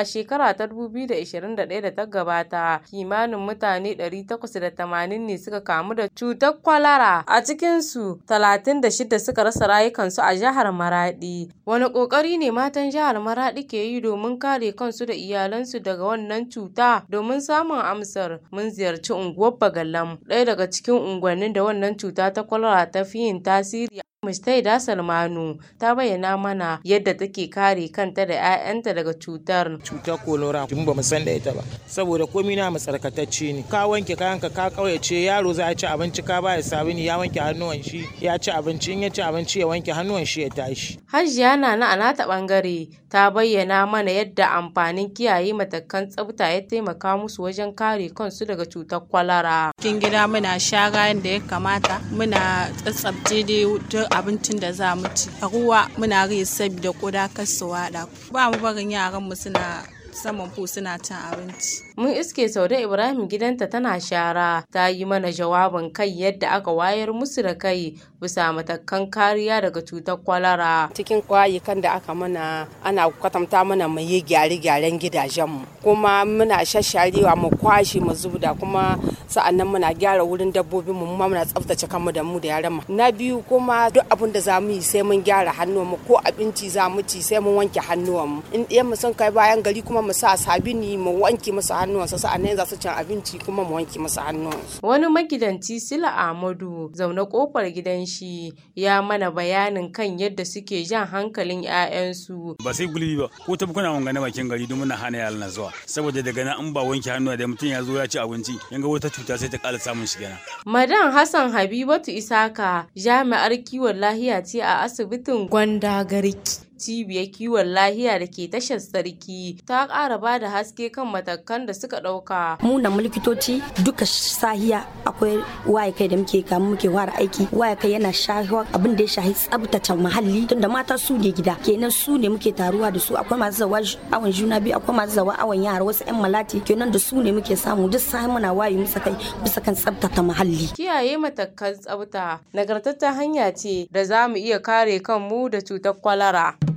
A shekara ta 2021 da ta gabata, kimanin mutane 880 ne suka kamu da cutar kwalara, a cikinsu 36 suka rasa rayukansu a jihar Maradi. Wani ƙoƙari ne matan jihar Maradi ke yi domin kare kansu da iyalansu daga wannan cuta? Domin samun amsar, mun ziyarci unguwar Bagalam, ɗaya daga cikin unguwannin da wannan cuta ta kwalara ta fi yin tasiri. Mista Salmanu ta bayyana mana yadda take kare kanta da 'ya'yanta daga cutar. Cutar kolora tun ba san da ita ba saboda komai na matsarkatacce ne. Ka wanke kayanka ka kauyace yaro za a ci abinci ka ba ya sabuni ya wanke hannuwan shi ya ci abinci in ya ci abinci ya wanke hannuwan shi ya tashi. Hajiya na a anata bangare ta bayyana mana yadda amfanin kiyaye matakan tsafta ya taimaka musu wajen kare kansu daga cutar kwalara. Cikin gida muna shara da ya kamata muna tsatsabce dai abincin da za mu ci a ruwa muna rai saboda koda kar su wada ba mu barin yaran mu suna saman fu suna cin abinci mun iske Saude ibrahim gidanta tana shara ta yi mana jawabin kai yadda aka wayar musu da kai bisa matakan kariya daga cutar kwalara cikin kwayukan da aka mana ana kwatanta mana mu yi gyare-gyaren gidajenmu kuma muna shasharewa mu kwashe mu zubda kuma sa'annan muna gyara wurin dabbobin mu muna tsaftace kanmu da mu da yaran mu na biyu kuma duk abin da mu yi sai mun gyara mu ko abinci za mu ci sai mun wanke hannuwan mu in ɗiyan mu sun kai bayan gari kuma mu sa sabini mu wanke musu hannu hannuwansu sa'annan za su can abinci kuma mu wanke musu hannuwansu. Wani magidanci Sila Ahmadu zaune kofar gidan shi ya mana bayanin kan yadda suke jan hankalin 'ya'yansu. Ba sai gulbi ba ko ta kuna na bakin gari domin na hana na zuwa saboda daga nan an ba wanke hannuwa da mutum ya zo ya ci abinci yanga wata cuta sai ta kala samun shi gana. Madan Hassan Habibatu Isaka jami'ar kiwon lahiya ce a asibitin Gwanda Garki. cibiyar kiwon lahiya da ke tashar sarki ta kara ba da haske kan matakan da suka ɗauka. mu na likitoci duka sahiya akwai waye kai da muke kamu muke fara aiki waye kai yana shahiwa abin da ya shahi tsabtace muhalli tunda mata su ne gida kenan su ne muke taruwa da su akwai masu zawa awon juna biyu akwai masu zawa awon yara wasu yan malati kenan da su ne muke samu duk sai muna waye musa kai bisa kan tsabtace muhalli kiyaye matakan tsabta ta hanya ce da za mu iya kare kanmu da cutar kwalara.